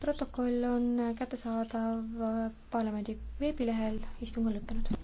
protokoll on kättesaadav parlamendi veebilehel, istung on lõppenud.